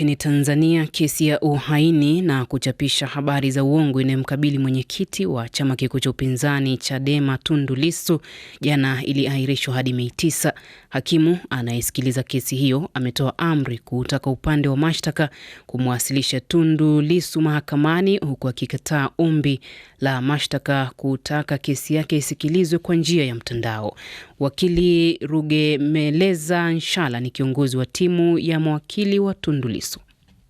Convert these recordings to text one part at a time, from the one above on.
Nchini Tanzania, kesi ya uhaini na kuchapisha habari za uongo inayomkabili mwenyekiti wa chama kikuu cha upinzani Chadema Tundu Lissu jana iliahirishwa hadi Mei tisa. Hakimu anayesikiliza kesi hiyo ametoa amri kuutaka upande wa mashtaka kumwasilisha Tundu Lissu mahakamani, huku akikataa ombi la mashtaka kutaka kesi yake isikilizwe kwa njia ya mtandao. Wakili Rugemeleza Nshala ni kiongozi wa timu ya mawakili wa Tundu Lissu.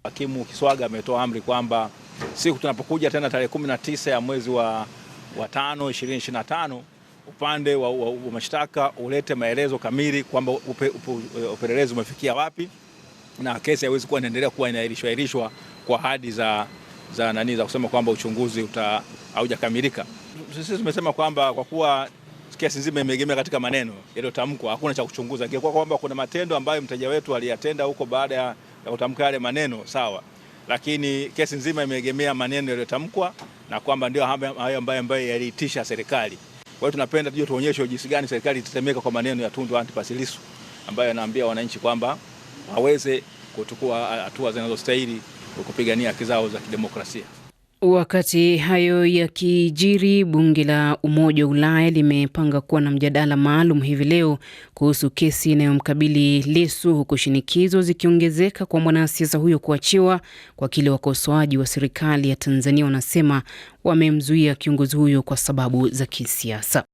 Hakimu Kiswaga ametoa amri kwamba siku tunapokuja tena tarehe kumi na tisa ya mwezi wa, wa tano ishirini ishirini na tano upande wa, wa, wa mashtaka ulete maelezo kamili kwamba upelelezi umefikia wapi na kesi haiwezi kuwa inaendelea kuwa inaahirishwa ahirishwa kwa hadi za, za nani za kusema kwamba uchunguzi haujakamilika. Sisi tumesema kwamba kwa kuwa kesi nzima imeegemea katika maneno yaliyotamkwa, hakuna cha kuchunguza. Ingekuwa kwamba kuna matendo ambayo mteja wetu aliyatenda huko baada ya ya kutamka yale maneno sawa, lakini kesi nzima imeegemea maneno yaliyotamkwa na kwamba ndio hayo ambayo ambayo yaliitisha serikali. Kwa hiyo tunapenda tujue, tuonyeshe jinsi gani serikali itatemeka kwa maneno ya Tundu Antipas Lissu ambayo anaambia wananchi kwamba waweze kuchukua hatua zinazostahili kupigania haki zao za kidemokrasia. Wakati hayo yakijiri, bunge la Umoja wa Ulaya limepanga kuwa na mjadala maalum hivi leo kuhusu kesi inayomkabili lesu huku shinikizo zikiongezeka kwa mwanasiasa huyo kuachiwa kwa kile wakosoaji wa serikali ya Tanzania wanasema wamemzuia kiongozi huyo kwa sababu za kisiasa.